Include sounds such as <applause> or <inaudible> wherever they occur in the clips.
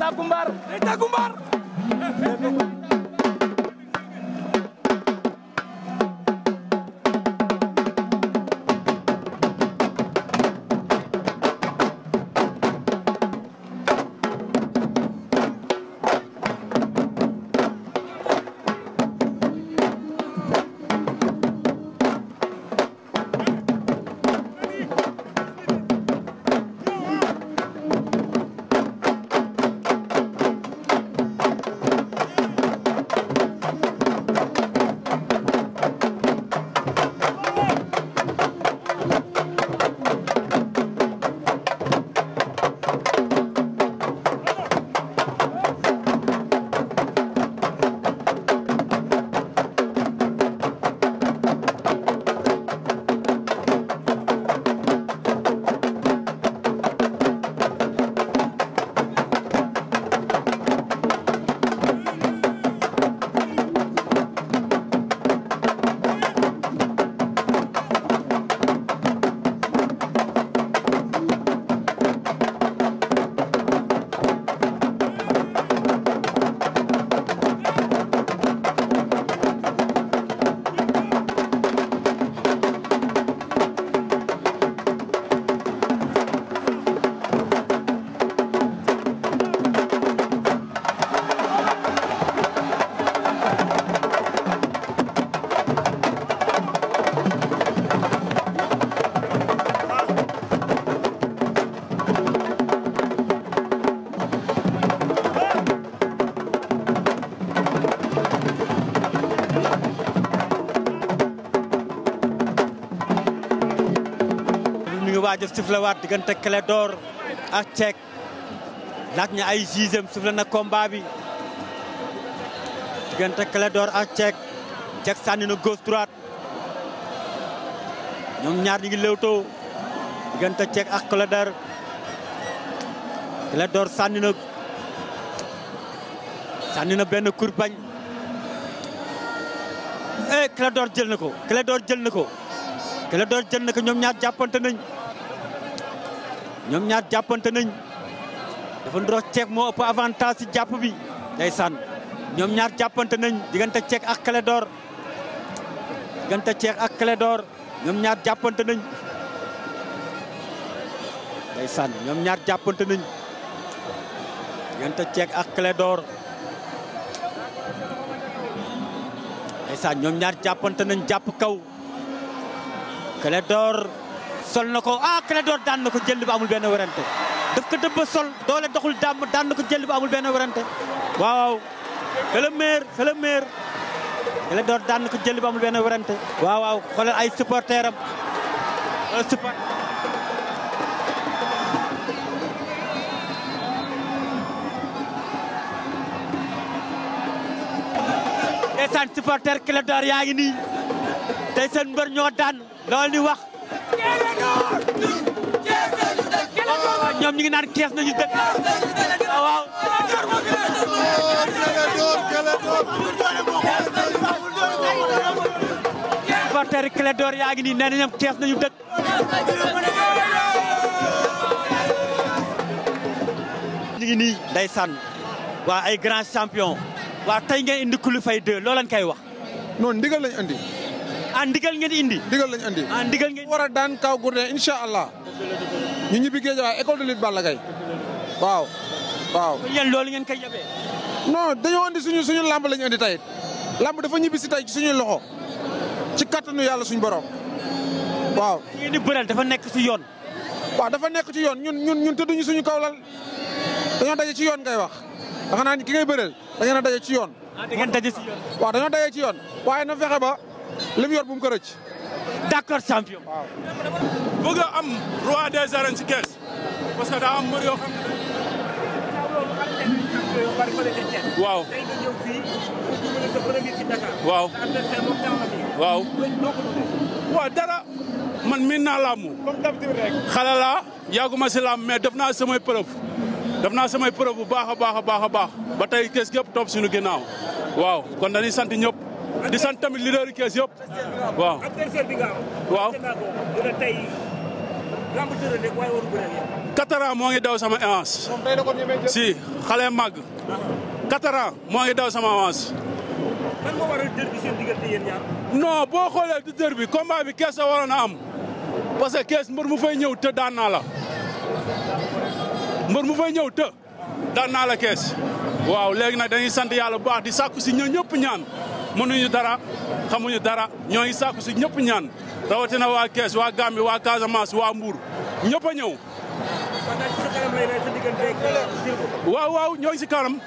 tàggu mbaar day tàggu mbaar waaj a sifle waat diggante Clédor ak Cek laaj na ay sixième sifle na combat bi diggante Clédor ak Cek Cek sànni na gauche droite ñoom ñaar ñi ngi lewtoo diggante Cek ak Clédor Clédor sànni na sànni na benn kurbañ eh Clédor jël na ko Clédor jël na ko jël na ñoom ñaar jàppante ñoom ñaar jàppante nañ dafa ndoro ceek moo ëpp avantage si jàpp bi ndeysaan ñoom ñaar jàppante nañ diggante ceek ak Clédor diggante ak Clédor ñoom ñaar jàppante nañ ndeysaan ñoom ñaar jàppante nañ diggante ceek ak Clédor ndeysaan ñoom ñaar jàppante nañ jàpp kaw Clédor sol na ko ah Clédor daan na ko jël ba amul benn werante daf ko dëbba sol doole doxul dàmm daan na ko jël ba amul benn werante waaw c'est le maire c'est le maire Clédor daan na ko jël ba amul benn werante waaw waaw xoolal ay supporter am ndeysaan supporter nii tey seen mbër ñoo daan loolu ni wax ñoom ñu ngi naan kees nañu dëkk. Ah, waaw. supporter Clédor yaa ngi nii nee na ñoom kees nañu dëkk. ñu ngi nii day sànn waa ay grand champion waa tey ngeen indi Coulibay 2 loo leen wax. noon ndigal lañ andi. ah ndigal ngeen indi. ndigal lañ indi. ah ndigal ngeen war a daan kaw Gourdin incha allah. ñu ñibbi géej waaye école de lutte Balla Gaye waaw waaw. yéen loolu ngeen koy yabee. non dañoo andi suñu suñu lamb lañu andi tayit lamb dafa ñibbi si tey ci suñuy loxo ci kattanu yàlla suñu borom waaw. ngeen di bëreel dafa nekk si yoon. waaw dafa nekk ci yoon ñun ñun ñun tëdduñu suñu kaw lal dañoo daje ci yoon ngay wax xanaa naa ngay bëreel da ngeen a daje ci yoon. ah da ngeen daje ci yoon. ci yoon waaye na fexe ba. li mu yor bu mu ko rëcc. bëgg a am roi des arènes ci Kees am mbër yoo waaw. waaw. waaw. dara. man miin naa laamu. comme d'habitude rek. si laam mais def naa samay preuve def naa samay preuve bu baax a baax a baax a baax ba tey Kees gépp topp suñu ginnaaw waaw kon dañuy sant ñëpp. di sant tamit leader kees yëpp. waaw waaw. quatre ans moo ngi daw sama avance. si xale màgg. quatre ans moo ngi daw sama avance. man boo xoolee du dër bi combat bi kees la waroon a am parce kees mbër mu fay ñëw të daan naa la mbër mu fay ñëw të daan naa la kees waaw léegi nag dañuy sant yàlla bu baax di sàkku si ñoom ñëpp ñaan. mënuñu dara xamuñu dara ñoo ngi sàkku si ñëpp ñaan rawatina waa Kees waa Gambie waa Casamance waa Mbour ñëpp a ñëw. waaw waaw ñoo si kanam.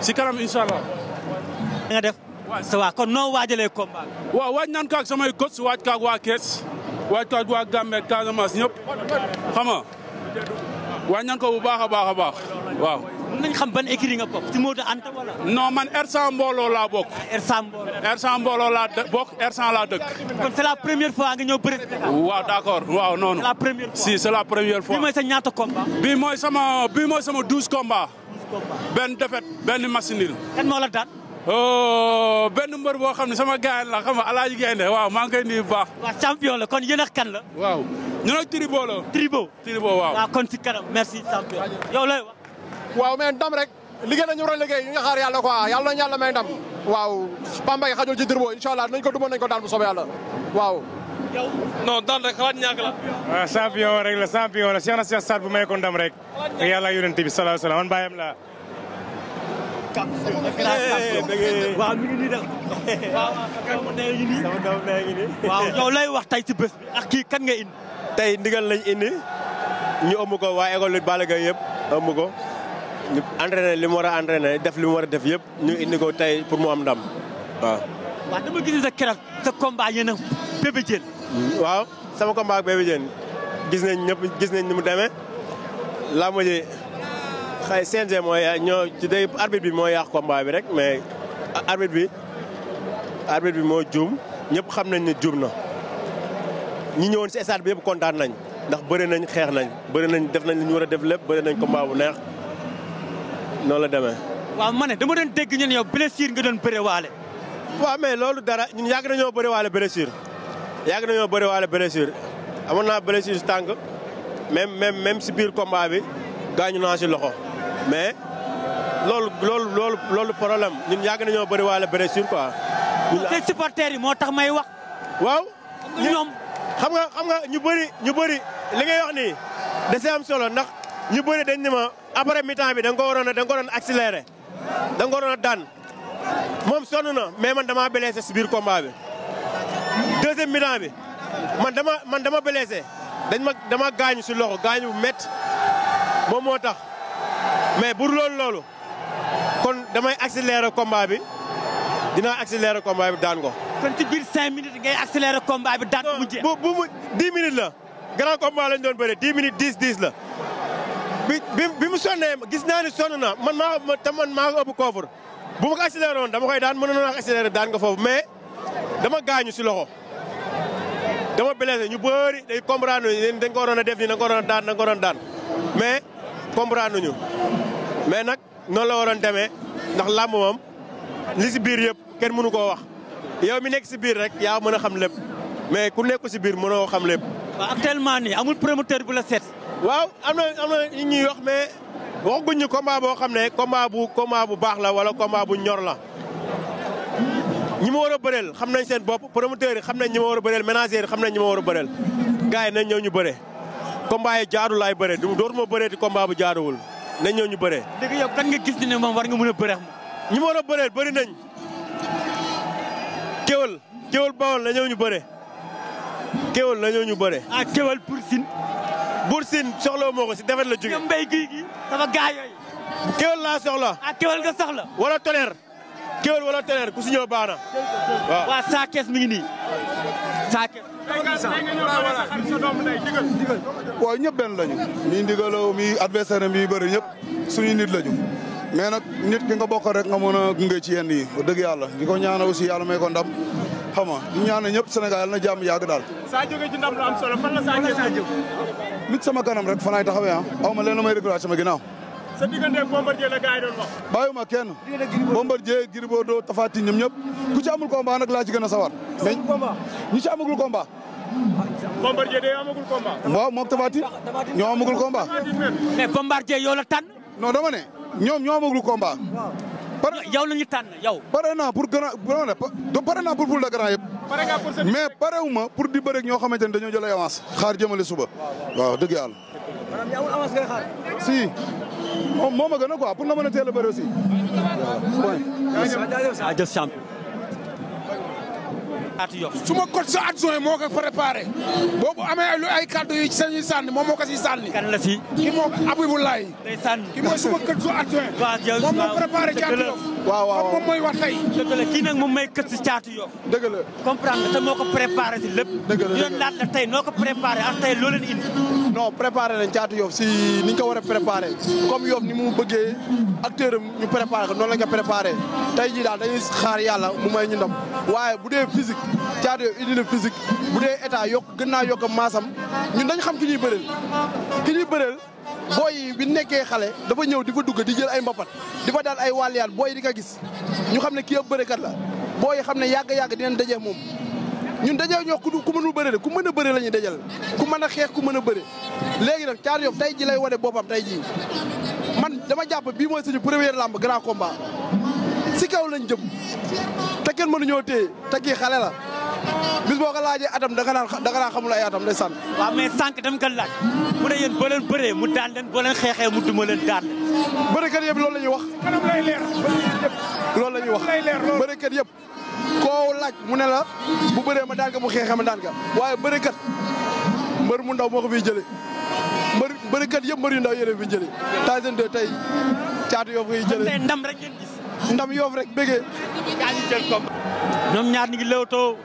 si karam incha allah. def. waaw kon noo waajalee combat. waaw waaj naan kaag samay coach waaj kaag waa Kees waaj kaag waa Gambie Casamance ñëpp xam waaj naan ko bu baax a baax a baax waaw. mën nañ xam ban écurie nga bokk ci Modou Anta wala. non man R100 mbooloo laa bokk. R100 mbooloo R100 mbooloo R100 laa dëkk. kon c'est la première fois nga ñëw bëri. waaw d'accord waaw noonu. si c'est la première fois. bii mooy sa ñaata mooy sama bii mooy sama douze combats. douze combats benn défaite benn machinil. kan moo oh, benn mbër boo xam ne sama gars la xam nga Alaaji Gaynde waaw maa ngi koy champion la kon yéen ak kan la. waaw ñu tribo la. tribo waaw. kon si kanam merci champion yow lay waaw mais ndam rek liggéey nañu war a liggéey ñu nga xaar yàlla quoi yàlla nañu yàlla may ndam waaw Bambey xajul ci Dirbo incha allah nañ ko duma nañ ko daan bu soobee yàlla waaw yow rek xalaat ñàkk la waaw ah, champion rek la bu may ko ndam rek yàlla yonent bi sallallahu alayhi wa sallam man bàyyam la waaw mi ngi waaw lay wax tey ci bés bi ak kii kan nga indi tey ndigal lañ indi ñu ëmb ko waa école Balla Gaye yëpp ëmb ko ñu entraîné li mu war a entraîné def li mu war a def yëpp ñu indi ko tey pour mu am ndam waaw. waaw dama gis sa keroog sa combat yéen a waaw sama combat ak gis nañ ñëpp gis nañ ni mu demee làmb ji xëy CNG mooy ñoo ci day arbitre bi moo yàq combat bi rek mais arbitre bi arbitre bi moo juum ñëpp xam nañ ne juum na ñu ñëwoon si stade bi yëpp kontaan nañ ndax bëri nañ xeex nañ bëri nañ def nañ lu ñu war a def lépp bëri nañ combat bu neex. noonu la demee. waaw ma ne dama doon dégg ñun yow blessure nga doon bëre waale. waaw mais loolu dara ñun yàgg nañoo bëre waale blessure yàgg nañoo bëre waale blessure amoon naa blessure si tànk même même même si biir combat bi gaañu naa si loxo mais loolu loolu loolu loolu problème ñun yàgg nañoo bëre waale blessure quoi. te supporters yi moo tax may wax. waaw. ñoom xam nga xam nga ñu bëri ñu bëri li wax nii da see am solo ndax ñu bëri dañ ne ma après mi-temps bi da nga ko da ko waroon accéléré da nga ko daan moom sonn na mais man damaa blessé si biir combat bi. bi man dama man dama blessé dañ ma dama gaañu si loxo gaañu bu métti moom moo tax mais bur loolu loolu kon damay accéléré combat bi dinaa accéléré combat bi daan ko. kon ci biir 5 minutes ngay accéléré combat bi daan ko mu jeex. bu bu mu 10 la grand combat lañ doon bëre 10 minutes 10 10 la. bi bi mu sonnee gis naa ni sonn na man maa ma te man maa ko ëpp koofur bu ma ko accéléré woon dama koy daan mën na ko accéléré daan nga foofu mais dama gaañu si loxo. dama blessé ñu bëri day comprendre ñu dañ ko waroon a def nii na nga ko waroon a daan da nga ko waroon daan ñu mais nag noonu la waroon demee ndax làmb moom li si biir yëpp kenn mënu koo wax yow mi nekk si biir rek yaa mën a xam lépp mais ku nekk si biir mënoo xam lépp. waaw actuellement nii amul promoteur bu la set waaw am na am na ñu ñuy wax mais waxaguñ ñu boo xam ne combat bu combat bu baax la wala combat bu ñor la. ñi ma war a bëreel xam nañ seen bopp promoteur yi xam nañ ñi ma war a bëreel manager xam nañ ñi ma war a bëreel gars yi nañ ñëw ñu bëre. combat yi jaadu laay bëre du dootuma bëreeti combat bu jaaduwul nañ ñëw ñu bëre. léegi yow kan nga gis ni ne moom war nga mën a bëreex ñi ma war a bëreel bëri nañ kéwal kéwal bawol la ñu bëre kéwal la ñëw ñu bëre. ah kéwal Bour Sine soxla moo si defet la jógee. ñoom mbéy gi gi sama gaay yooyu. kéwél laa ah, wala tonnerre. kéwél wala tonnerre ku si ñëw baax na. waaw waaw saa kees mi ngi nii saa kees. waaw ñëpp benn lañu. mi ndigalo mi adversaire mi bëri ñëpp suñu nit lañu. mais nag nit ki nga bokk rek nga mën a gunge ci yenn yi dëgg yàlla di ko ñaanal aussi yàlla may ko xam nga di ñaan ñëpp Sénégal yal na jàmm yàgg daal. saa sama kanam rek fan laay taxawee ah. aw ma leen sama ginnaaw. sa diggante Bombardier la gars yi doon wax. bàyyiwuma kenn Bombardier Gris Bordeaux Tapha ku ci amul combat laa ci gën a sawar. mais ñi ci amagul combat. Bombardier day amagul combat. waaw moom Tapha Tine ñoo dama ne ñoom ñoo amagul combat. yaw la ñu tànn yow. pare naa pour grand non non pare naa pour pour le grand mais parewu ma pour di bëreeg ñoo xamante ne dañoo jël ay avance. xaar jëmale suba. waaw dëgg yàlla. si moom moo gën a quoi pour na mën a teel a bëri aussi. waaw point. Atou Diop suma coach sa adjoint moo ko préparé boobu amee lu ay kàddu yu sañuy sànni moom moo ko siy sànni kan la si ki moom ki mooy suma coach sa adjoint moom moo préparé ci Atou Diop waaw waaw kon moom mooy wax tey. dëgg kii nag moom may kët si caatu yoo. dëgg la comprendre te moo ko préparé si lépp. dëgg la yoon noo ko préparé caatu yoo si ni ñu ko war a préparé comme yow ni mu bëggee acteur am ñu préparé ko noonu la ñu ko tey jii daal dañuy xaar yàlla mu may ñu ndam waaye bu dee physique caatu yoo indi na physique bu dee état yokk gën naa yokk maasam ñun dañ xam ki ñuy bëreel ki ñuy bëreel. booy yi bi nekkee xale dafa ñëw di fa dugg di jël ay mbapat di fa daal ay wàlliyaan booy di ko gis ñu xam ne kii ab bërekat la booy xam ne yàgg-yàgg dinañ daje moom ñun dajew ñoo ku mënul bëre de ku mën a bëre la ñuy ku mën a xeex ku mën a bëre léegi nag Thiatou Yoff tey ji lay ware boppam tey ji man dama jàpp bii mooy suñu première lamb grand combat si kaw lañ jëm te kenn mënuñoo téye te kii xale la bis ko laajee atam danga naan danga naan xamul ay atam day sànn. waaw mais sànq dama ko laaj mu ne yéen boo leen xeexee mu duma leen daan. bërekat yëpp loolu la ñuy wax. kanam loolu la ñuy wax bërekat yëpp. koo laaj mu ne la bu bëree ma daan ka bu xeexee ma daan ka waaye bërekat mbër mu ndaw moo ko fiy jëlee mbër bërekat yëpp mbër yu ndaw yële bi jëlee. taay seen de tey caatu yoo koy jëlee ndam rek ngeen ndam yoof rek bëggee. ñoom ñaar ñu ngi lewtoo.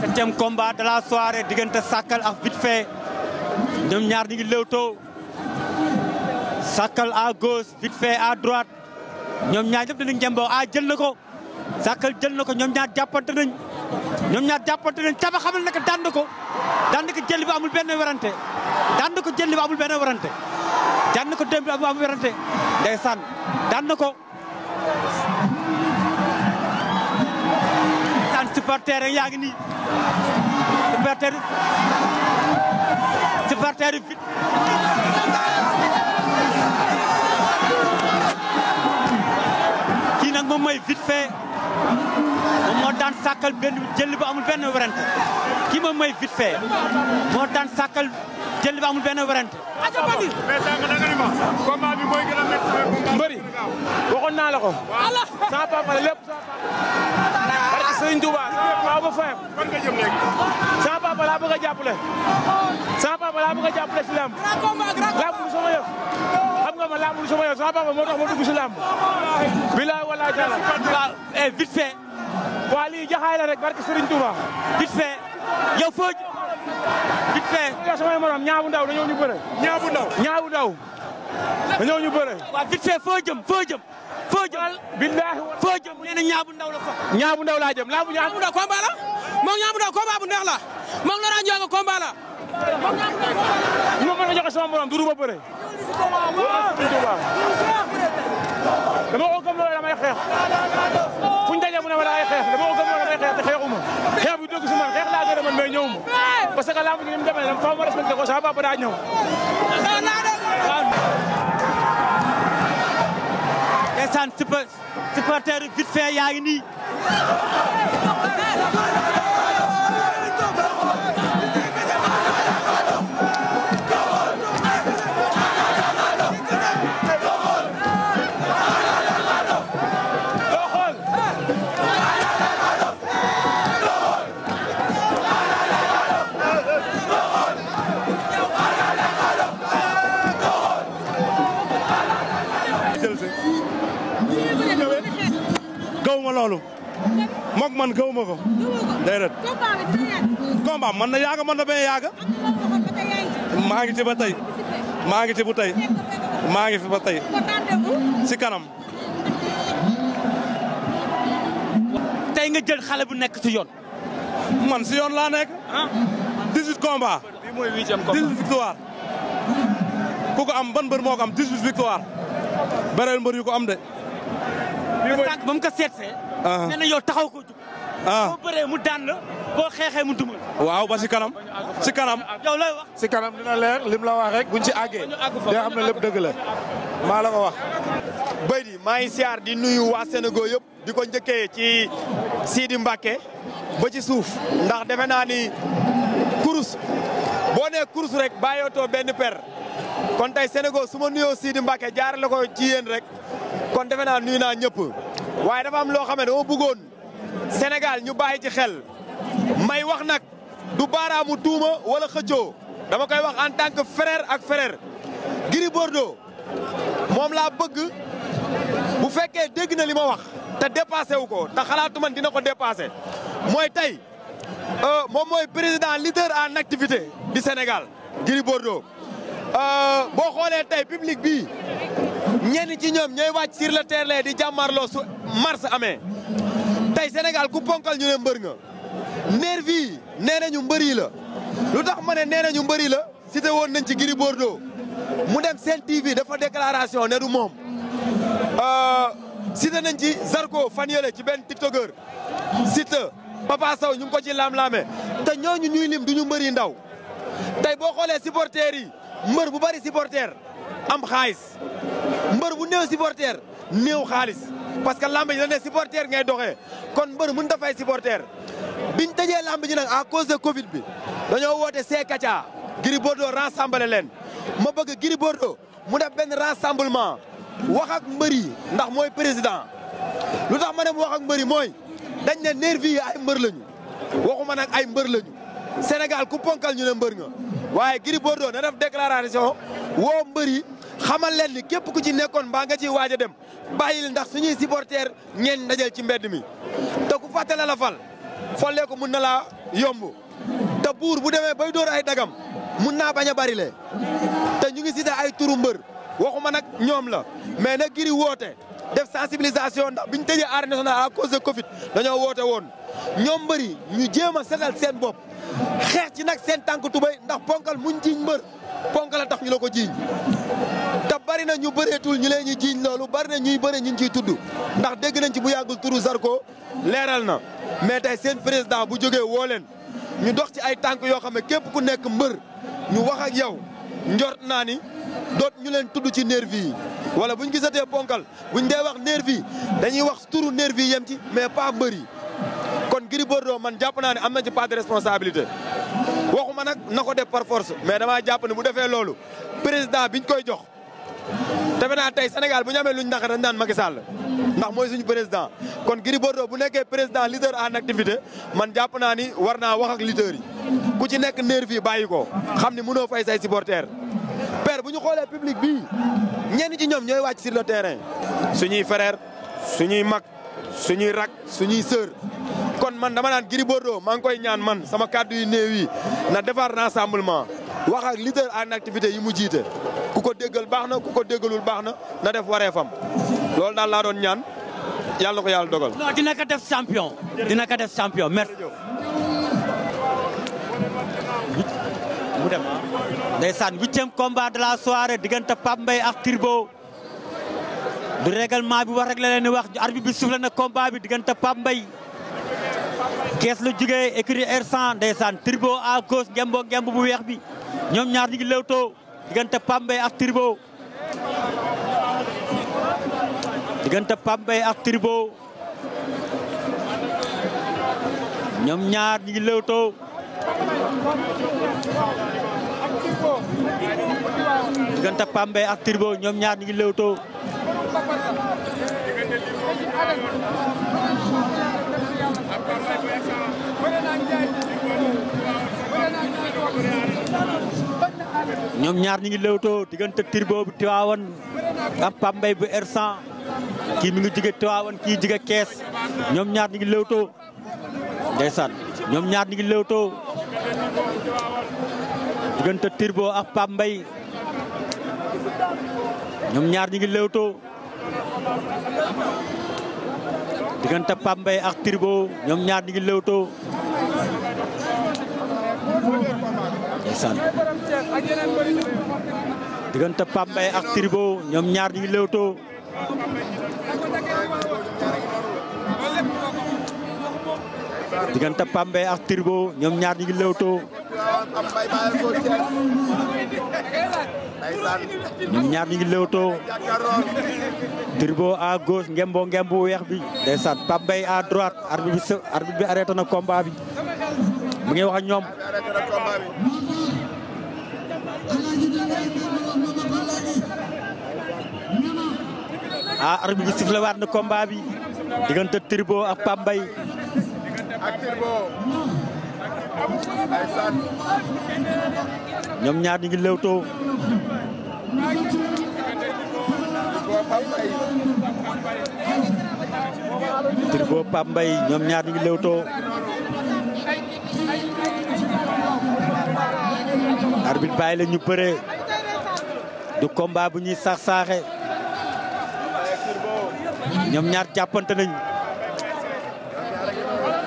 septième combat de la soirée diggante Sakal ak vite fait ñoom ñaar ñu ngi lewtoo Sakal à gauche vite fait à droite ñoom ñaar ñëpp dañu ngemboo a ah, jël na ko Sakal jël na ko ñoom ñaar jàppante nañ. ñoom ñaar jàppante nañ caba xamal naka dànd ko dànd ko jël bi amul benn werante dànd ko jël bi amul benn werante dànd ko démb bi amul werante ndeysaan dànd ko saan supporter yaa ngi nii supporter supporter fit kii nag moom mooy vite moo daan sàkkal benn jël bu amul benn werante kii moom mooy vite moo daan sàkkal jël bu amul benn werante. mais sànq ma combat bi mooy gën a métti. mbëri waxoon naa la ko. sama papa la lépp. barke Sëriñ ba fayam. fan nga jëm léegi. sama papa laa bëgg a jàppale. sama papa laa a ma lamb du sama yëf sama moo tax ma dugg si bilaay walaay taala. waaw eh, vite fait. waa lii jaxaay la rek barke Serigne Touba. vite fait yow foo vite fait. yow samay morom ñaabu ndaw dañoo ñu bëre. ñaabu ndaw ñaabu ndaw dañoo ñu bëre. waaw vite fait foo jëm foo jëm. foo jëm billaahi foo jëm nee na ñaabu ndaw la fa. ñaabu ndaw laa jëm laa bu ñaabu ndaw combat la moom ñaabu ndaw combat bu neex la moom Laurent Ndiongo combat la. moom ñaabu ndaw combat la. li ma mën a joxe sama morom duuru ba bëre. dama ko gëm loolu damay xeex. mu ne ma ay xeex dama ko gëm ne damay xeex te xeexuma xeex bi dëgg si man xeex laa gën a mën mais ñëwuma parce que lamb ji ni mu demee dama faaw ma respecté ko sama papa daa ñëw ndeysaan supporter vite fait yaa ngi nii loolu mook man gëw ma ko. déedéet. combat man na yaaga man na bañ a yaaga. maa ngi ci ba tey. maa ngi ci tey. maa ngi fi ba tey. si kanam. tey nga jël xale bu nekk si yoon. man si yoon laa nekk. 18 ah. combats. bii mooy 8 victoire. ku ko am ban mbër moo ko am 18 victoire. bareel mbër yu ko am de. sànq ba mu ko seetsee. Ah. nee na taxaw ko jug. Ah. boo bëree mu daan la boo xeexee mu dumal. waaw ba si kanam si kanam. yow lay wax si kanam dina leer lim la wax rek buñ ci àggee. day xam na lépp dëgg la maa la ko wax. bëy di maa ngi siyaar di nuyu waa Sénégal yëpp di ko njëkkee ci siidi mbake ba ci suuf ndax defe naa ni kurus boo nee kurus rek bàyyootoo benn per. kon tey Sénégal su ma nuyoo Sidi Mbacke jaarale ko ci rek kon defe naa nuyu naa ñëpp waaye dafa am loo xam ne dama bëggoon Sénégal ñu bàyyi ci xel may wax nag du baara mu tuuma wala xëccoo dama koy wax en tant que frère ak frère. Gris Bordeaux moom laa bëgg bu fekkee dégg na li ma wax te dépassé wu ko te xalaatu man dina ko dépassé mooy tey euh, moom mooy président leader en activité du Sénégal Gris Bordeaux. Euh, boo xoolee tey public bi ñenn ci ñoom ñooy wàcc sur le terrain di jàmmarloo su mars amee tey Sénégal ku ponkal ñu ne mbër nga nervi yi nee nañu mbër yi la lu tax ma ne nee nañu mbër yi la cité woon nañ ci Gris Bordeaux mu dem Sen TV dafa déclaration ne du moom euh, cité nañ ci Zarko fan yële ci benn tiktokeur cité Papa ñu ko ci lam-laame te ñooñu ñuy lim du ñu mbër yi ndaw tey boo xoolee supporters yi mbër bu bari supporter am xaalis mbër bu néew supporter néew xaalis parce que lamb ji la ne supporter ngay doxee kon mbër mën ta fay bi biñ tëjee lamb ji nag à cause de Covid bi dañoo woote Sekaca Gris Bordeaux rassemblé leen ma bëgg Gris Bordeaux mu def benn rassemblement wax ak mbër yi ndax mooy président lu tax ma ne mu wax ak mbër yi mooy dañ ne nervi yi ay mbër lañu waxuma nag ay mbër lañu. Sénégal ku ponkal ñu ne mbër nga waaye Gris Bordeaux na def déclaration woo mbër yi xamal leen ni képp ku ci nekkoon mbaa nga ciy waaj a dem bàyyil ndax suñuy supporters ngeen dajal ci mbedd mi te ku fàttale la fal follee ko mun na laa yomb te buur bu demee bay door ay dagam mun naa bañ a bari le te ñu ngi si cité ay turu mbër waxuma nag ñoom la mais nag Gris woote def sensibilisation ndax bi ñu tëjee arène nationale à cause de Covid dañoo woote woon ñoom mbëri ñu jéem a setal seen bopp xeex ci nag seen tànk tubay ndax ponkal muñ jiiñ mbër ponkal a tax ñu la ko jiiñ te bari na ñu bëreetul ñu leen ñu jiiñ loolu bari na ñuy bëre ñu ngi ciy tudd ndax dégg nañ ci bu yàggul turu Zarko leeral na mais tey seen président bu jógee woo leen ñu dox ci ay tànk yoo xam ne képp ku nekk mbër ñu wax ak yow njort naa ni doot ñu leen tudd ci nervi yi wala buñ gisatee ponkal bu buñ dee wax nervi dañuy wax turu nervi yem ci mais pas mbër yi Gris Bordeaux man jàpp naa ne am na ci part de responsabilité waxuma nag na ko def par force mais damaa jàpp ne bu defee loolu président biñ koy jox defe naa tey Sénégal bu ñu amee luñ naqar dañ naan Macky ndax mooy suñu président kon Gris Bordeaux bu nekkee président leader an activité man jàpp naa ni war naa wax ak leader yi ku ci nekk nervi yi bàyyi ko xam ni mënoo fay say supporters père bu ñu xoolee public bii ñenn ci ñoom ñooy wàcc sur le terrain suñuy frère suñuy mag suñuy rak suñuy sœur kon man na dama naan Gris Bordeaux maa ngi koy ñaan man sama kàddu yi néew na defar rassemblement wax ak leader en activité yi mu jiite ku ko déggal baax na ku ko déggalul baax na na def wareefam loolu daal laa doon ñaan yàlla na ko yàlla dogal. non dina ko def champion. dina ko def champion merci. mu dem ndeysaan huitième combat de la soirée diggante Pape Mbaye ak Turbo du règlement bi wax rek la leen wax arbitre bi soufflé na combat bi diggante Pape mbay kees la jugee écurie r san ndeysaan turbo à gauche ngembo ngemb bu weex bi ñoom ñaar ñu ngi lewtoo diggante Pambay ak turbo diggante ak turbo ñoom ñaar ñu ngi lewtoo diggante Pambay ak turbo ñoom ñaar ñu ngi lewtoo ñoom ñaar ñi ngi lewtoo diggante Turbo bu Tiwaawan ak Pape bu r kii mi ngi jóge Tiwaawan kii jóge Kees ñoom ñaar ñi ngi lewtoo ndeysaan ñoom ñaar ñi ngi lewtoo diggante Turbo ak Pape ñoom ñaar ñi ngi lewtoo diggante Pape ak Turbo ñoom ñaar ndeysaan diggante Pape ak Tribo ñoom ñaar ñu ngi lewtoo diggante Pape ak Tribo ñoom ñaar ñu ngi lewtoo ñoom ñaar ñu ngi lewtoo Tribo à gauche ngembo ngembu weex bi ndeysaan Pape bi arrêté na combat bi mu ah arbitre bi sifflé waat na combat bi diggante Turbo ak Pambay ñoom ñaar ñu ngi lewtoo Turbo Pambay ñoom ñaar ñu ngi arbitre bàyyi la ñu bëree du combat bu ñuy saax saaxe ñoom ñaar jàppante nañ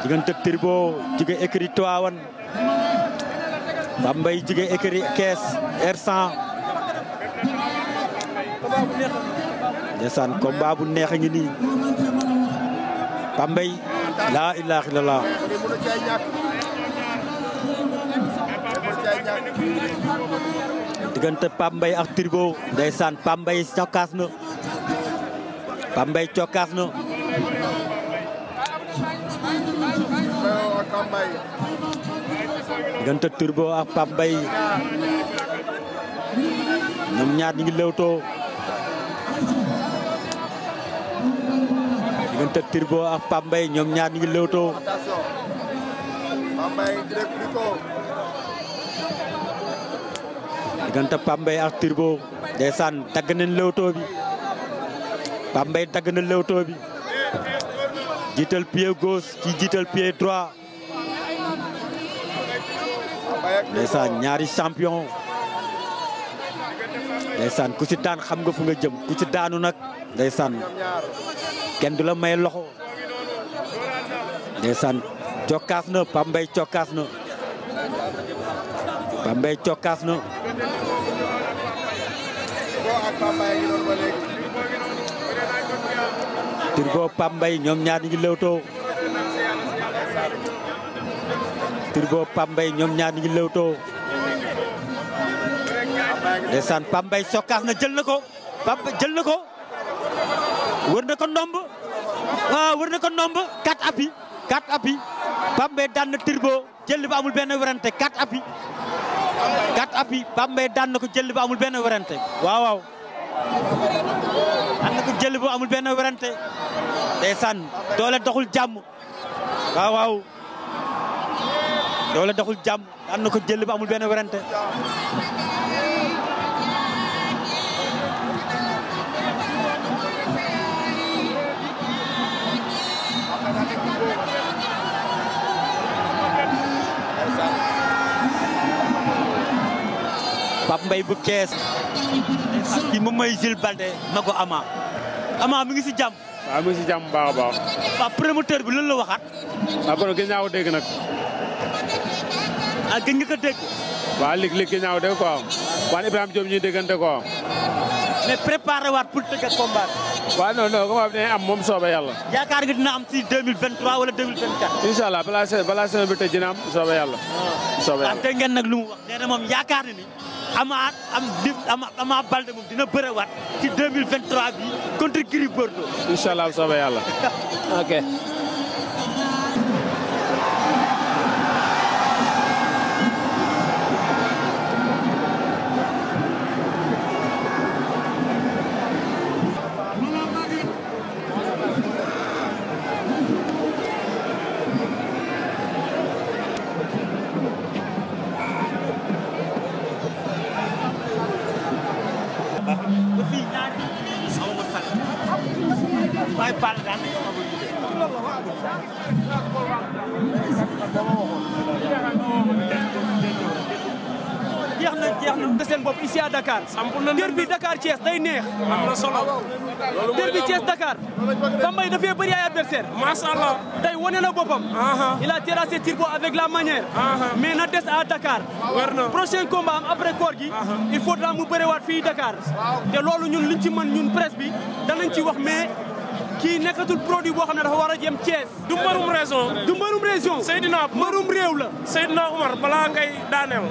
diggante Turbo jóge écurie Tivaouane Bambey jóge écurie Kees R100 ndeysaan combat bu neex a ngi nii Bambey laa ilaaha illallaah diggante Pape ak Turbo ndeysaan Pape Mbaye cokkaas na Pape Mbaye cokkaas na diggante Turbo ak Pape Mbaye ñoom ñaar ñi ngi lewtoo diggante Turbo ak Pape Mbaye ñoom ñaar diggante Pape Mbaye ak Turbo ndeysaan dagg nañ lewtoo bi Pape Mbaye dagg na lewtoo bi jiital pied gauche ci jiital pied droit ndeysaan ñaari champion ndeysaan ku ci daan xam nga fu nga jëm ku ci daanu nag ndeysaan kenn du la may loxo ndeysaan cokkaas na Pape Mbaye cokkaas na Bambey cokkaas na Turbo Pambay ñoom ñaar ñu ngi lewtoo Turbo Pambay ñoom ñaar ñu ngi lewtoo ndeysaan Pambay cokkaas na jël na ko Pambay jël na ko wër na ko ndomb ah, wër na ko ndomb quatre appuis quatre appuis Pambay daan na Turbo jël ba amul benn werante quatre appuis gat api Bambey daan na ko jël ba amul benn werante waaw daan na jël ba amul benn werante ndeysaan doole doxul jàmm waaw doole doxul jàmm daan na ko jël ba amul benn werante Pape Mbaye bu kees kii moom mooy Jules Balde Mago Ama Ama mu ngi si jàmm waaw mi ngi si jàmm bu a baax waaw bi loolu la waxaat waaw kon gën naa ko dégg nag ah gën nga ko dégg waaw lig lig gën naa ko dégg quoi waan Ibrahima Diop ko déggante quoi mais préparé waat pour tëgg ak combat waaw non non combat bi dinañ am moom soobee yàlla yaakaar nga dina am si 2023 wala 2024 incha allah balaa balaa semaine bi tëj dina am soobee yàlla ah. soobee ah, yàlla dégg ngeen nag lu mu wax nee na moom yaakaar na ni Ama am di ama Ama moom dina bërewaat ci 2023 bi contre Gris Bordeaux. incha allah bu soobee yàlla <laughs> derby Dakar Thiès day neex. am na solo loolu derby Thiès Dakar. Bambey dafay bëri ay adversaire. macha allah tey wane na boppam. il a terrassé Tirbo avec la manière. mais na des à Dakar. prochain combat am après koor gi. il faudra mu waat fii dakaar te loolu ñun liñ ci mën ñun presse bi danañ ci wax mais. kii nekkatul produit boo xam ne dafa war a jëm Thiès. du mbarum raison Seydina mbarum réew la. Seydina Omar balaa ngay daaneel.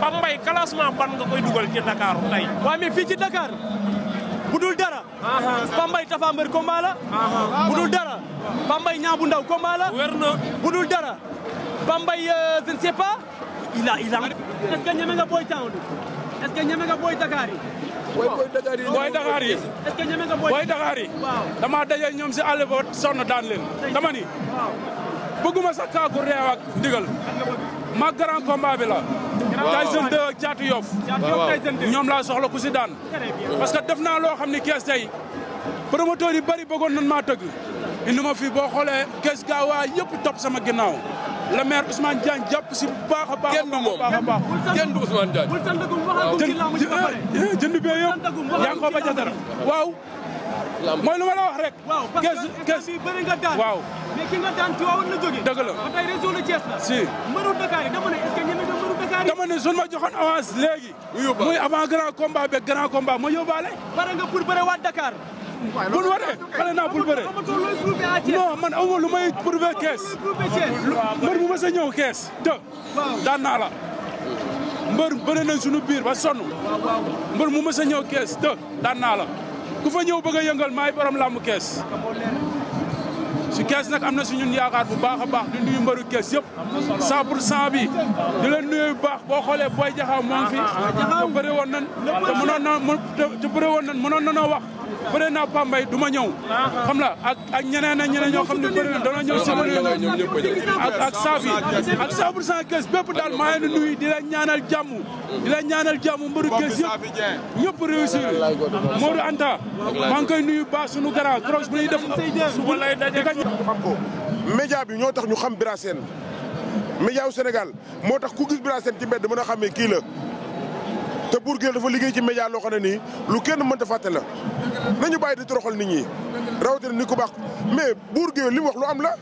Pape Mbaye classement ban nga koy dugal ci Dakar tey. waaw mais fii ci Dakar bu dul dara. Pape Mbaye Tapha Mbeur bu dara Pape Mbaye Niang bu ndaw combat la. wér na bu dul dara Pape Mbaye euh, je ne sais pas. a il ñeme nga booy Town est-ce ñeme nga booy Dakar booy Dakar yi booy Dakar dama daje ñoom si àll ba sonn daan leen dama ni bëgguma sax kaaku reew ak ndigal ma grand combat bi la Tyson 2 ak Caatu Yoff ñoom laa soxla ku si daan parce que def naa loo xam ni kees tey promoteur yi bari bëggoon nan maa tëgg indi ma fii boo xoolee kees gaa waa yëpp topp sama ginnaaw le maire Ousmane Diagne jàpp si baax a baax. kenn du moom kenn du Ousmane Diagne. Eh, eh, waaw waaw. mooy lu ma la wax rek. waaw parce waaw mais ki nga daan ci waawoon la jógee. dëgg si dama ne est ma joxoon avance léegi. muy avant grand combat beeg grand combat ma yóbbaale. pare nga pour bu nu waree xale naa bul bëre non man amuma lu may prouvé kees mbër bu ma sa ñëw kees te daan naa la mbër bëre nañ suñu biir ba sonn mbër mu ma sa ñëw kees te daan naa la ku fa ñëw bëgg a yëngal maay borom lamu kees si kees nag am na si yaakaar bu baax a baax di nuyu mbaru kees yëpp 100 pour cent bi di leen nuyu baax boo xoolee booy jaxaw moo ngi fi te woon nan te mënoon na te bëri woon nan mënoon nanoo wax bëri naa Pambay du ma ñëw. xam la ak ak ñeneen ak ñoo xam ne bëri na dana ñëw si ak ak saafi ak 100 pour cent kees bépp daal maa ngi nuyu di la ñaanal jàmm. di la ñaanal jàmm mbëru kees yëpp ñëpp réussir Modou Anta. maa ngi koy nuyu baax sunu garaan bu ñuy def. walaay daje média bi ñoo tax ñu xam Bira Sène média wu Sénégal moo tax ku gis Bira Sène ci mbedd a xam ne kii te Bour Gueweul dafa liggéey ci média loo xam ne nii lu kenn mënta fàtte la nañu bàyyi di toroxal nit ñi rawatina ni ku baax mais Bour Gueweul li wax lu am la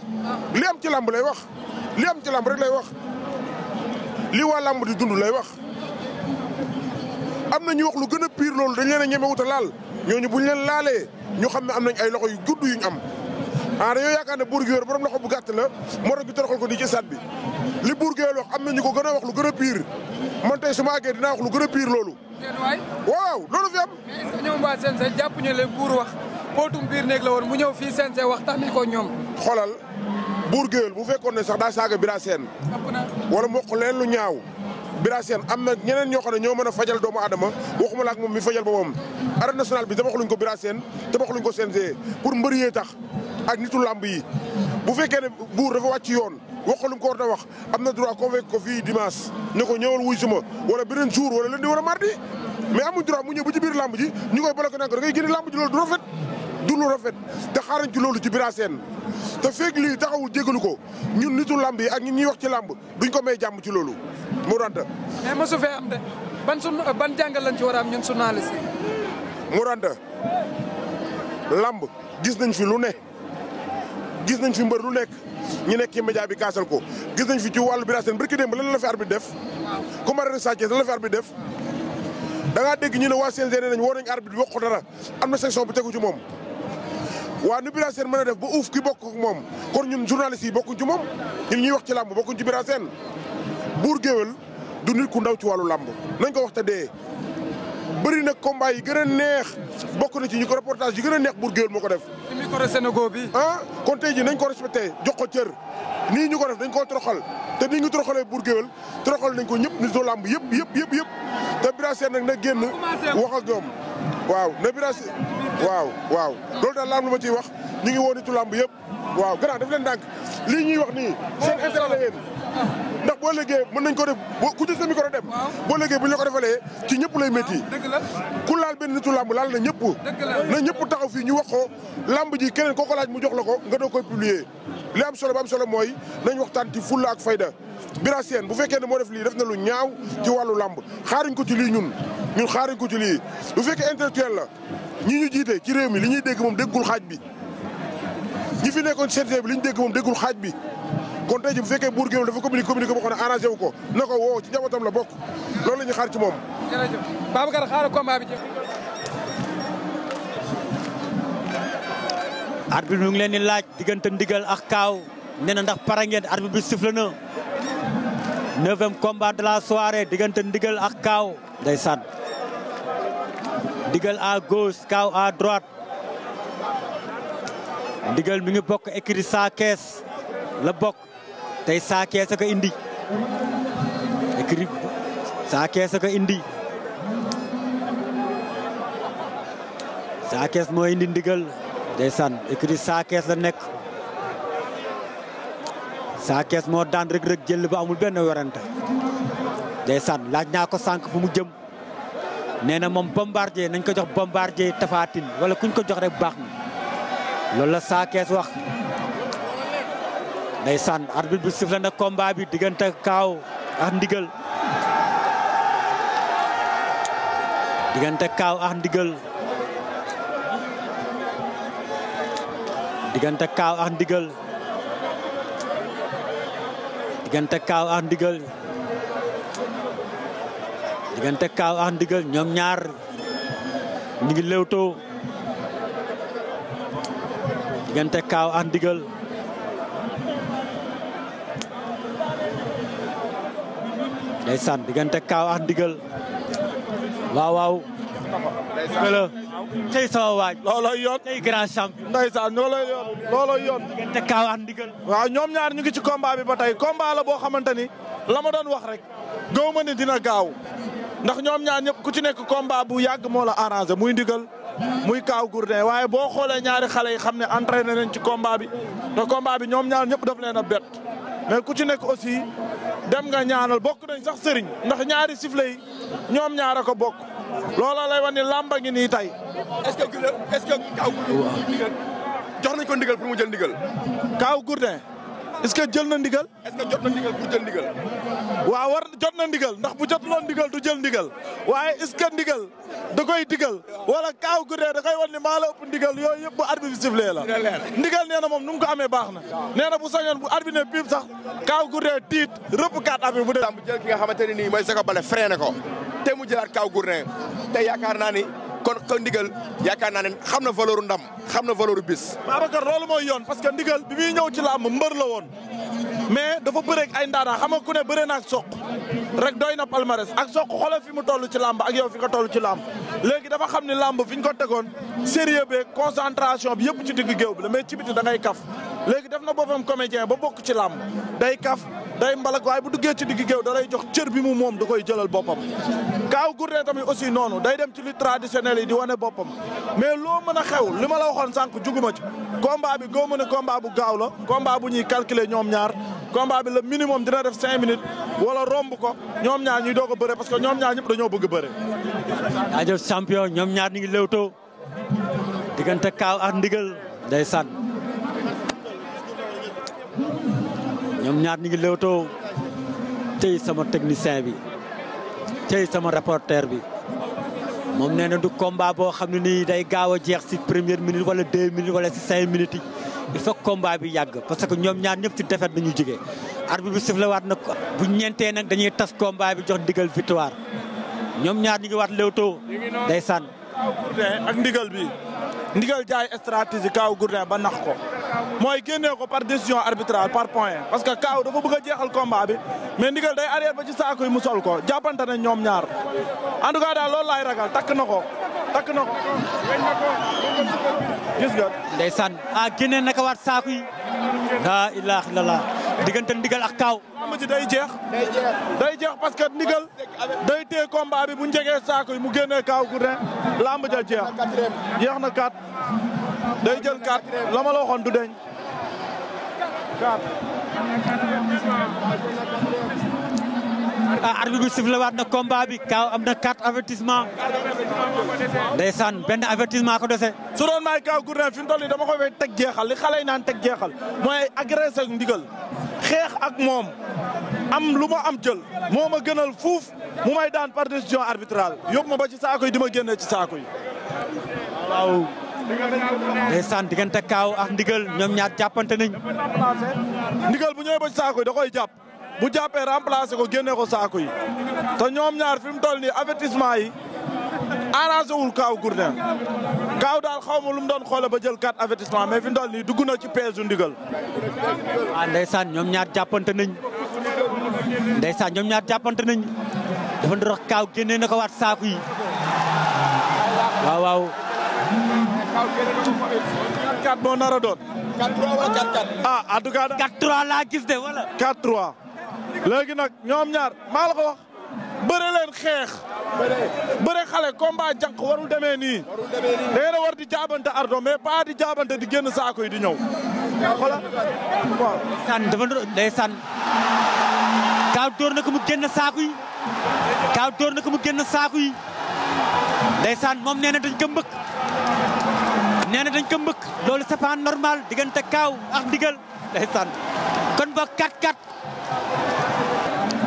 li am ci làmb lay wax li am ci làmb rek lay wax li waa làmb di dund lay wax am na ñu wax lu gën a pire loolu dañ leen a ñeme wut a bu ñu leen laalee ñu xam ne am nañ ay loxo yu gudd yuñ am ah dañoo yaakaar ne Bour Guéweul borom loxo bu gàtt la moo tax ñu toroxal ko nii ci stade bi li Bour Guéweul wax am na ñu ko gën a wax lu gën a pire man tey su ma àggee dinaa wax lu gën a piir loolu. waaw loolu fi am. mais est-ce que ñoom jàpp ñu ne Bour wax pootum biir néeg la woon mu ñëw fii CNG wax tax ni ko ñoom. xoolal Bour Guéweul bu fekkoon ne sax daa saaga Bira Sène. wala mu wax leen lu ñaaw. Bira Sène am na ñeneen ñoo xam ne ñoo mën a fajal doomu aadama waxuma la ak moom mi fajal boppam arène nationale bi tabaxluñ ko Bira Sène tabaxluñ ko CNG pour mbër yee tax ak nitu làmb yi bu fekkee ne buur dafa wàcc yoon waxaluñ ko war a wax am na droit convoqué ko fii dimanche ne ko ñëwal wuy suma wala beneen jour wala lundi wala mardi mais amuñ droit mu ñëw ba ci biir làmb ji ñu koy bloqué naan ko da ngay génne làmb ji loolu du rafet du lu te xaarañ ci loolu ci Bira te feeg lii taxawul jégalu ko ñun nitu làmb yi ak ñun ñuy wax ci làmb duñ ko may jàmm ci loolu moo danta mais mosu fee am de ban sun ban jàngal lañ ci war a am ñun journaliste yi moo danta làmb gis nañ fi lu ne gis nañ fi mbër lu nekk ñu nekk ci média bi kaasal ko gis nañ fi ci wàllu Bira Sène barki démb lan la fi arbitre def comme arène Sathiès lan la fi arbitre def da ngaa dégg ñu ne waa CNG nañ woo nañ arbitre bi wax ko dara am na sanction bu tegu ci moom waa nu Bira Sène mën a def ba uuf ki bokk ak moom kon ñun journalistes yi bokkuñ ci moom ñun ñuy wax ci làmb bokkuñ ci Bira Sène buur géwél du nit ku ndaw ci wàllu làmb nañ ko wax te dee bëri na combat yi gën a neex bokk na ci ñu ko reportage yi gën a neex buur géwél moo ko def. ci micro Sénégal bi. ah kon tey jii nañ ko respecté jox ko cër nii ñu ko def dañ koo toroxal te nii ñu toroxalee buur géwél toroxal nañ ko ñëpp nit doo làmb yëpp yëpp yëpp yëpp te Bira nag na génn wax ak ñoom waaw waaw waaw loolu daal laam lu ma ciy wax ñu ngi woon nitu làmb yëpp waaw grand daf leen ndànk lii ñuy wax nii seen intérêt la yéen ndax boo léegee mën nañ ko def ku jël sa micro dem boo léegee bu ñu la ko defalee ci ñëpp lay métti ku laal benn nitu làmb laal na ñëpp na ñëpp taxaw fii ñu wax ko làmb ji keneen koo ko laaj mu jox la ko nga doo koy publier li am solo ba am solo mooy nañ waxtaan ci fulla ak fayda Bira Sène bu fekkee ne moo def lii def na lu ñaaw ci wàllu làmb xaaruñ ko ci lii ñun ñun xaaruñ ko ci lii bu fekkee intellectuel la ñi ñu jiite ci réew mi li ñuy dégg moom déggul xaaj bi ñi fi nekkoon CNG bi li ñu dégg moom xaaj bi kon tey ji bu fekkee buur géwél dafa communiqué communiqué boo xam ne wu ko na ko woo ci njabootam la bokk loolu la ñuy xaar moom. jërëjëf Babacar xaaral combat bi. arbitre mu ngi leen di laaj diggante ndigal ak kaaw nee na ndax pare ngeen arbitre bi siffle neuvième combat de la soirée diggante ndigal ak kaaw ndeysaan ndigal à gauche kaaw à droit ndigal mi ngi bokk écrit saa kees la bokk tey saa kees a indi écrit saa kees a ko indi saa kees moo indi ndigal ndeysaan écrit saa kees la nekk Sa moo daan Reug Reug jël ba amul benn werante ndeysaan laaj naa ko sànq fu mu jëm nee na moom bombardier nañ ko jox bombardier Tapha Tine wala kuñ ko jox rek baax na loolu la Sa Thiès wax ndeysaan arbitre bi sifflé na combat bi diggante kaaw ak ndigal diggante kaaw ak ndigal diggante kaaw ak ndigal diggante kaaw ak ñoom ñaar ñu ngi lewtoo diggante kaaw ak ndigal ndeysaan diggante kaaw ak ndigal waaw waaw tey sama waaj. looloo yoon tey grand champion. ndeysaan ñoo lay yoon looloo yoon. ngeen teg kaawaat ndigal. waaw ñoom ñaar ñu ngi ci combat bi ba tey combat la boo xamante ni la ma doon wax rek gaw ma ni dina gaaw ndax ñoom ñaar ñëpp ku ci nekk combat bu yàgg moo la arrangé muy ndigal muy kaaw Gourdin waaye boo xoole ñaari xale yi xam ne entraîné nañ ci combat bi te combat bi ñoom ñaar ñëpp daf leen a bett mais ku ci nekk aussi dem nga ñaanal bokk nañ sax sëriñ ndax ñaari sifflet lay ñoom ñaar a ko bokk. loola lay wan ni làmba ngi nii tey. est-ce que est-ce que jox nañ ko ndigal pour mu jël ndigal. Kaaw Gourdin. est-ce que jël na ndigal. est-ce que jot na ndigal bu jël ndigal. waaw war jot na ndigal ndax bu jot loon ndigal du jël ndigal waaye est-ce que ndigal da koy digal wala kaaw gu dee da koy wan ni maa la ëpp ndigal yooyu yëpp bu arbitre bi sifflé ndigal nee na moom nu mu ko amee baax na nee na bu sañoon bu arbitre ne piip sax kaaw gu dee tiit rëpp kaat abi bu dee. bu jël ki nga xamante ne nii mooy Saka Baldé ne ko te mu jëlaat kaaw gu dee te yaakaar naa ni. kon ko ndigal yaakaar naa ne xam na valeur ndam xam na valeur bis. Babacar loolu mooy yoon parce que ndigal bi muy ñëw ci làmb mbër la woon mais dafa bëreeg ay ndaanaa xam ku ne bëree na ak soq rek doy na palmarès ak soq xoolal fi mu toll ci làmb ak yow fi nga toll ci làmb léegi dafa xam ni làmb fi ñu ko tegoon sérieux beeg concentration bi yëpp ci digg géew bi la mais ci biti da kaf léegi def na boppam comédien ba bokk ci làmb day kaf. day mbalak waaye bu duggee ci digg géew da jox cër bi mu moom da koy jëlal boppam kaaw gurdee tamit aussi noonu day dem ci lutte traditionnelle yi di wane boppam mais loo mën a xew li ma la waxoon sànq juguma ci combat bi goo mën a combat bu gaaw la combat bu ñuy calculer ñoom ñaar combat bi le minimum dina def cinq minutes wala romb ko ñoom ñaar ñuy doog a bëre parce que ñoom ñaar ñëpp dañoo bëgg bëre jaajëf champion ñoom ñaar ñu ngi lewtoo diggante kaaw ak ndigal day sànn ñoom ñaar ñu ngi lewtoo tey sama technicien bi tey sama reporter bi moom nee na du combat boo xam ne nii day gaaw a jeex si première minute wala deux minutes wala si cinq minutes yi il faut bi yàgg parce que ñoom ñaar ñëpp si defet nañu jógee arbitre bi siflewaat na bu ñeentee nag dañuy tas combat bi jox ndigal victoire ñoom ñaar ñu ngi waat lewtoo day sànn Kaaw Gourdin ak ndigal bi ndigal jaay stratégie Kaaw Gourdin ba nax ko mooy génnee ko par décision arbitrale par poin parce que Kaaw dafa bëgg a jeexal combat bi mais ndigal day arrière ba ci saako yi mu sol ko jàppante ne ñoom ñaar en tout daal loolu laay ragal takk na ko takk na ko weñ na ko gis nga ndeysaan ah génne naka waat saako yi laa ilaaha illallaah diggante ndigal ak kaaw. lamb ji day jeex. day jeex day jeex parce que ndigal day téye combat bi bu njegee saako yi mu génnee kaaw gu ne lamb ja jeex. jeex na kat day jël kat la ma la waxoon du deñ kat. Ah, arbitre bi sifflé waat na combat bi Kaaw am na quatre avertissement ndeysaan benn avertissement ko dese su doon maay Kaaw Gourdin fi dama ko fay teg jeexal li xale yi naan teg jeexal mooy agressé ak ndigal xeex ak moom am lu ma am jël moo ma gënal fuuf mu may daan par décision arbitrale yóbbu ma ba ci saako yi di ma génne ci saako yi waaw ndeysaan diggante Kaaw ak ndigal ñoom ñaar jàppante nañ ndigal bu ñëwee ba ci saako da koy jàpp bu jàppee remplacé ko génne ko saako yi te ñoom ñaar fi mu toll nii avertissement yi arrangé wul Kaaw Gourdin Kaaw daal xaw ma lu mu doon xoole ba jël quatre avertissement mais fi mu toll nii dugg na ci peesu ndigal. ah ndeysaan ñoom ñaar jàppante nañ ndeysaan ñoom ñaar jàppante nañ dafa ndorox Kaaw génne na ko waat saako yi waaw waaw. quatre moo nar a doon. wala 4-4. ah en tout cas. gis de wala. léegi nag ñoom ñaar maa ko wax bëre leen xeex bëre xale combat jànq warul demee nii da war di jaabante ardo mais pas di jaabante di génn saako yi di ñëw xola waaw sànn dafa day sànn kaaw dóor na ko mu génn saako yi kaaw dóor na ko mu génn saako yi day moom nee na dañ ko mbëkk nee na dañ ko mbëkk loolu c'est pas normal diggante kaaw ak ndigal day sànn kon ba 4-4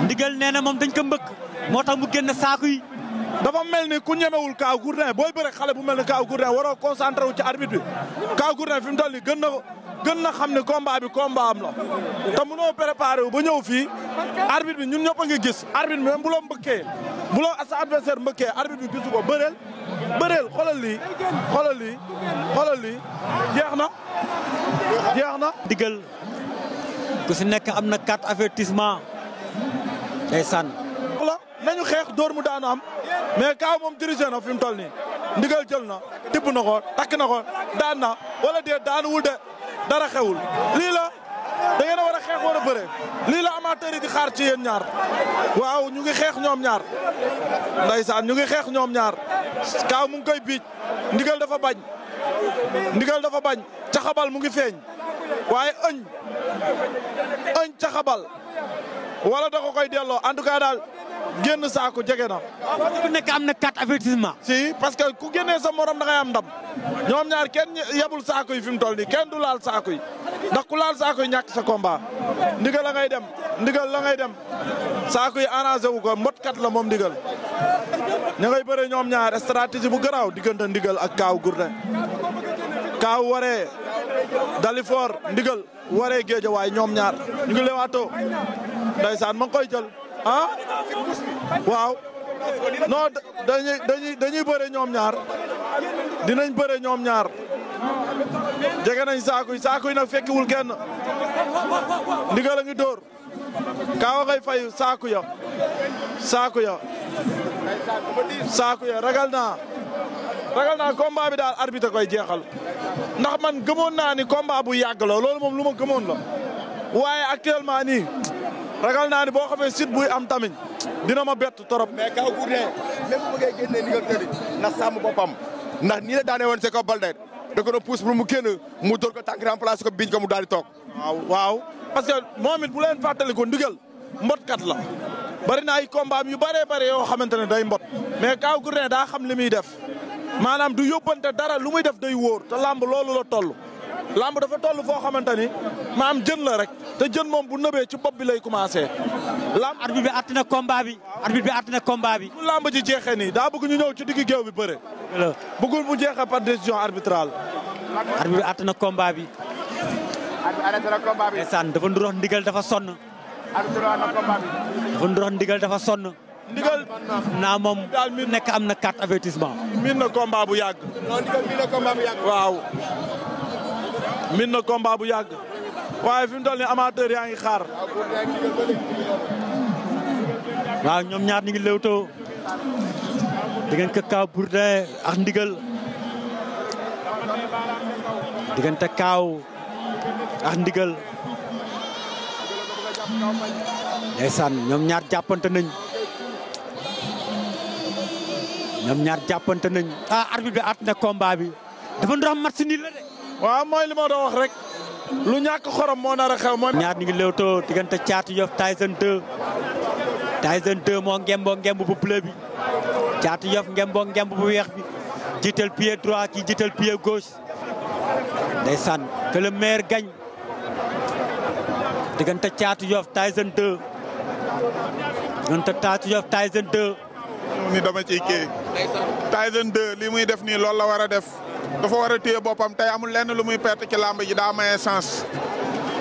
ndigal nee na moom dañ ko mbëkk moo tax mu génn saaku yi dafa mel ni ku ñemewul Kaaw Gourdin booy bëre xale bu mel ni Kaaw Gourdin waroo concentré wu ci arbitre bi Kaaw Gourdin fi mu toll nii gën na gën na xam ne combat bi combat am la te mënoo préparé wu ba ñëw fii arbitre bi ñun ñëpp ngi gis arbitre bi même bu la mbëkkee bu la sa adversaire mbëkkee arbitre bi gisu ko bëreel bëreel xoolal lii jeex na jeex na digal ku si nekk am na quatre avertissement day sànn. la nañu xeex dóor mu daanu am mais kaaw moom dirigé na fi mu toll nii ndigal jël na tibb na ko takk na ko daan na wala dee daanuwul de dara xewul lii la da ngeen war a xeex war a bëre lii la amateur yi di xaar ci yéen ñaar waaw ñu ngi xeex ñoom ñaar ndeysaan ñu ngi xeex ñoom ñaar kaaw mu ngi koy biic ndigal dafa bañ ndigal dafa bañ ca caxabal mu ngi feeñ waaye ëñ ëñ caxabal wala da koy delloo en tout cas daal génn saako jege na. ku nekk am na quatre avertissement. si parce que ku génnee sa morom da am ndam ñoom ñaar kenn yabul saako yi fi mu toll nii kenn du laal saako yi ndax ku laal saako yi ñàkk sa combat ndigal la ngay dem ndigal la ngay dem saako yi arrangé wu ko mbotkat la moom ndigal. ña ngay bëre ñoom ñaar stratégie bu garaaw diggante ndigal ak kaaw gurne kaaw waree dalifoor ndigal. waree géejawaay ñoom ñaar ñu ngi lewaatoo ndaysaan ma koy jël ah waaw non dañuy dañuy bëre ñoom ñaar dinañ bëre ñoom ñaar jege nañ saakuy saakuy nag fekkiwul kenn ndigal a ngi dóor kaawa ngay fayu saaku ya saaku ragal naa ragal naa combat bi daal arbitre koy jeexal ndax man gëmoon naa ni combat bu yàgg la loolu moom lu ma gëmoon la waaye actuellement nii ragal naa ni boo xamee sit buy am tamit dina ma bett torop mais kaw Gourdin même bu bëggee génnee ni nga tëri ndax sàmm boppam ndax nii la daane woon see ko Baldé da ko doon pousse pour mu génn mu door ko tànk remplace ko biñ ko mu daal di waaw waaw parce que moom it bu leen fàttali ko ndigal mbotkat la bari na ay combat yu bëree bëri yoo xamante ne day mbot mais kaw daa xam li muy def maanaam du yóbbante dara lu muy def day wóor te làmb loolu la toll. làmb dafa toll foo xamante ni maam jën la rek te jën moom bu nëbee ci bopp bi lay commencé. làmb arbitre bi àtt na combat bi. arbitre bi àtt na bi. bu làmb ji jeexee nii daa bëgg ñu ñëw ci digg géew bi bëre. bëggul mu jeexee par décision arbitrale. arbitre bi àtt na combat bi. dafa ndurox ndigal dafa sonn. arbitre na combat sonn. ndigal naa moom nekk am na carte avertissement. min na combat bu yàgg. na combat bu yàgg. waaw min na combat bu yàgg. waaye fi mu toll nii amateur yaa ngi xaar. waaw ñoom ñaar ñu ngi lewtoo. diggante Kaw Bourdin ak ndigal. Kaaw a ndigal. ndeysaan ñoom ñaar jàppante nañ ñoom ñaar jàppante nañ ah arbitre bi at na combat bi dafa ndox match nii la de. waaw mooy lima ma rek. lu ñàkk xorom moo nar a ñaar ñu ngi léewtoo diggante Thiatou Yoff Tyson 2 Tyson 2 moo ngemboo ngemb bu bleu bi Thiatou Yoff ngemboo ngemb bu weex bi jiital pied droit ki jiital pied gauche ndeysaan que le maire gagne diggante Thiatou Yoff Tyson 2 diggante Thiatou Yoff nii dama ciy kii Tyson 2 li muy def nii loolu la war a def dafa war a téye boppam tey amul lenn lu muy perte ci làmba ji daa maye sens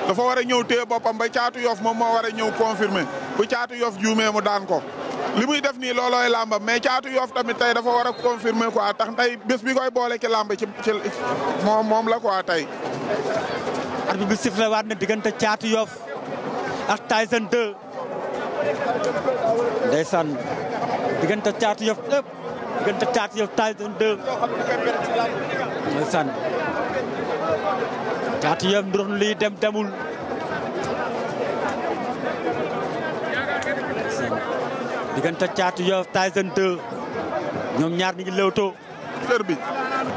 dafa war a ñëw téye boppam ba caatu yoof moom moo war a ñëw confirmer bu caatu yof juumee mu daan ko li muy def nii loolooy làmbam mais caatu yof tamit tey dafa war a confirmer quoi tax tey bés bi koy boole ci làmb ci ci moom moom la quoi tey arbitre bi sifflé waat na diggante caatu yof ak Tyson 2 ndeysaan diggante caatu yëf lépp diggante caatu yëf Tyson 2 mooy sànni caatu yëf ndox lii dem demul diggante caatu yëf Tyson 2 ñaar ñu ngi lewtoo cër bi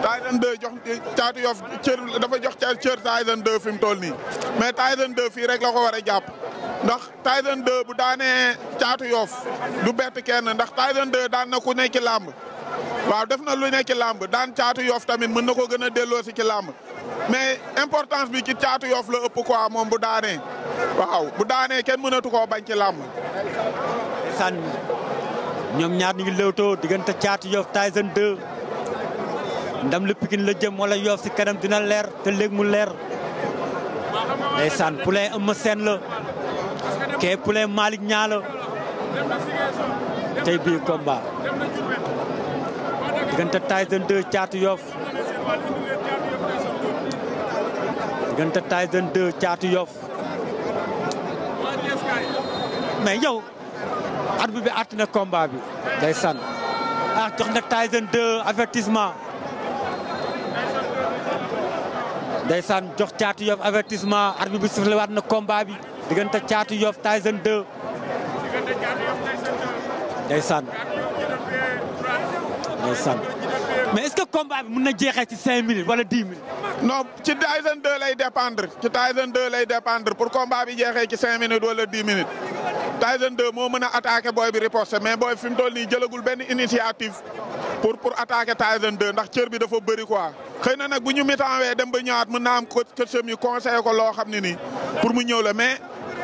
Tyson 2 jox caatu yëf cër dafa jox cër Tyson 2 fi mu toll nii mais Tyson 2 fii rek la ko war a jàpp ndax Tyson bu daanee caatu yoof du bett kenn ndax Tyson 2 daan na ku ne ci làmb waaw def na lu ne ci làmb daan caatu yoof tamit mën na ko gën a delloosi ci làmb mais importance bi ci caatu yoof la ëpp ko moom bu daanee waaw bu daanee kenn mënatu ko bañ ci làmb san ñoom ñaar ñu ngi lewtoo diggante caatu yoof Tyson 2 ndam lu Pikine la jëm wala yoof si kanam dina leer te léegi mu leer ndeysaan poulain Eumeu seen la kee poulain Malick Nialo tey bii combat diggante Tyson 2 Thiatou Yoff diggante Tyson 2 Thiatou Yoff mais yow at bi at na bi day san ah jox na Tyson 2 avertissement day san jox Thiatou Yoff avertissement at bi bi sifle waat na bi diggante Caatu Yoff Tyson 2 ndeysaan ndeysaan mais est-ce que combat bi mën na jeexee ci 5 minutes wala 10 minutes. non ci Tyson 2 lay dépendre ci Tyson 2 lay dépendre pour combat bi jeexe ci 5 minutes wala 10 minutes. Tyson 2 moo mën a attaqué booy bi riposte mais booy fi mu toll nii jëlagul benn initiative pour pour attaqué Tyson 2 ndax cër bi dafa bëri quoi. xëy na nag bu ñu mitanwee dem ba ñëwaat mën naa am yi conseillé ko loo xam ne nii pour mu ñëw la mais.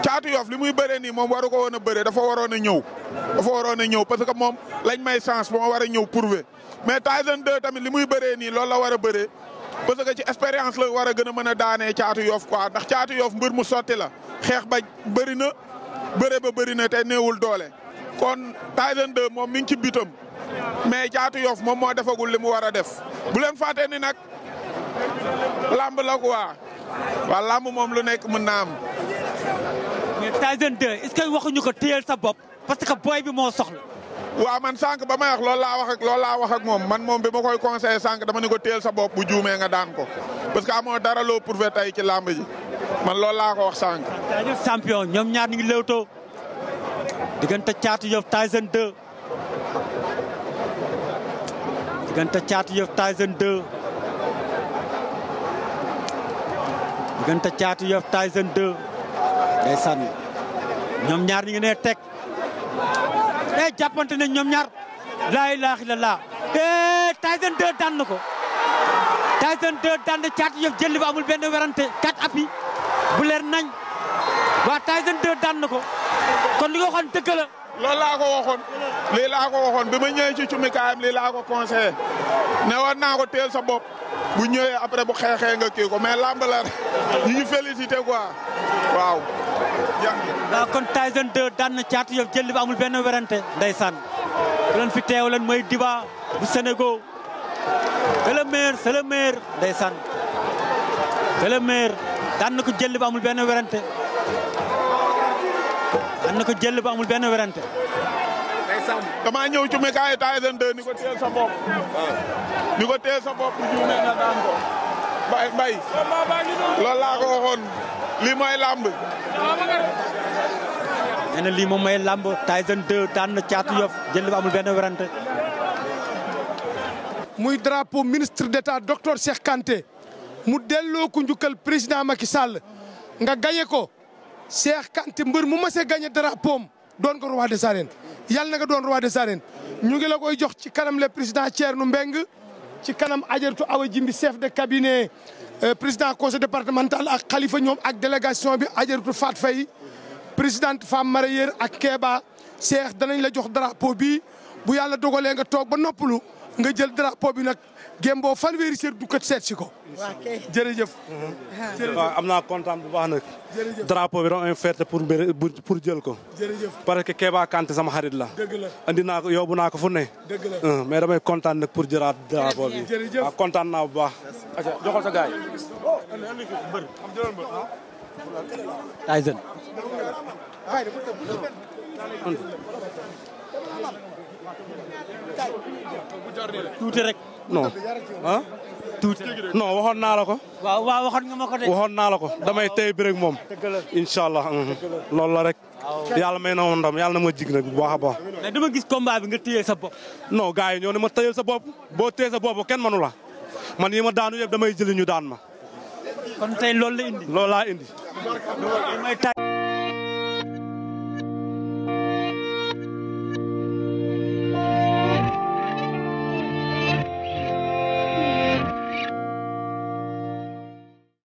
caatu yoof li muy bëree nii moom waru ko woon a bëree dafa waroon a ñëw dafa waroon a ñëw parce que moom lañ may chance ba ma war a ñëw prouver mais Tyson 2 tamit li muy bëree nii loolu la war a bëree parce que ci expérience la war a gën a mën a daanee caatu yoof quoi ndax caatu yoof mbër mu sotti la xeex ba bëri na bëre ba bëri na te néewul doole kon Tyson 2 moom mi ngi ci bitam mais caatu yoof moom moo defagul li mu war a def bu leen fàtte ni nag lamb la ko waa lamb moom lu nekk mën na am Tyson 2 est que waxuñu ko téyel sa bopp parce que booy bi moo soxla. waaw man sànq ba may wax loolu laa wax ak laa wax moom man moom bi ma koy conseillé sànq dama ne ko téyel sa bopp bu juumee nga daan ko parce que amoo dara loo prouvé tey ci làmb ji man loolu laa ko wax sànq. champion ñoom ñaar ñu ngi léwtoo diggante Thiatou Yoff Tyson 2 diggante Thiatou Yoff Tyson 2 diggante Thiatou Yoff Tyson 2 day sànni. ñoom ñaar ñu ngi ne teg eh jàppante nañ ñoom ñaar laa ilaaha illallah eh Tyson 2 daan na ko Tyson 2 daan na caatu yëf jël ba amul benn werante kat api bu leer nañ waa Tyson 2 daan na ko kon li nga waxoon dëgg la. loolu laa ko waxoon lii laa ko bi ma ñëwee ci cumi kaayam lii laa ko conseillé ne war naa ko teel sa bopp bu ñëwee après bu xeexee nga kii ko mais làmb la ñu ngi félicité waaw. waaw kon Tyson 2 daan na Caatu Yoff benn werante ndeysaan ku fi teew leen mooy Diba bu Sénégal c'est le maire benn werante jël amul benn werante ndeysaan dama ñëw ci ko téye lii mooy làmb nee lii moom mooy làmb Tyson 2 daan na caatu yof jël ba amul benn werante muy drapeau ministre d'état docteur Cheikh Kanté mu delloo ko njukkal président Macky Sall nga gañe ko Cheikh Kanté mbër mu mësee gañe drapeau am doon ko roi des arènes yàlla na nga doon roi des arènes ñu ngi la koy jox ci kanam le président Thierno mbeng ci kanam ajartu Awa Jimbi chef de cabinet euh, président conseil départemental ak xalifa ñoom ak délégation bi ajartu Fat Faye présidente femme yér ak Kéba Cheikh danañ la jox drapeau bi bu yàlla dogalee nga toog ba noppalu nga jël drapo bi nag gémboo fanweeri seet du kat seet si ko. jërëjëf. am naa kontaan bu baax nag. drapeau bi dama am fierté pour pour jël ko. jërëjëf parce kebaa kant sama xarit la. dëgg naa ko yóbbu naa ko fu ne. dëgg la mais damay kontaan nag pour jëlaat drapeau bi. jërëjëf waaw kontaan naa bu baax. joxal sa gars yi. tuuti rek. non ah. tuuti non waxoon naa la ko. waaw waaw waxoon ma waxoon naa la ko damay tey bi rek moom. incha allah mhm. loolu la rek. yàlla may na woon ndam yàlla na ma jig nag bu baax a baax. mais dama gis combat nga téye sa bopp. no gars yi ñoo ne ma téyeel sa bopp boo téye sa bopp kenn mënu la man yi ma daanu yëpp damay jëli ñu daan ma. kon tey loolu la indi. loolu laa indi.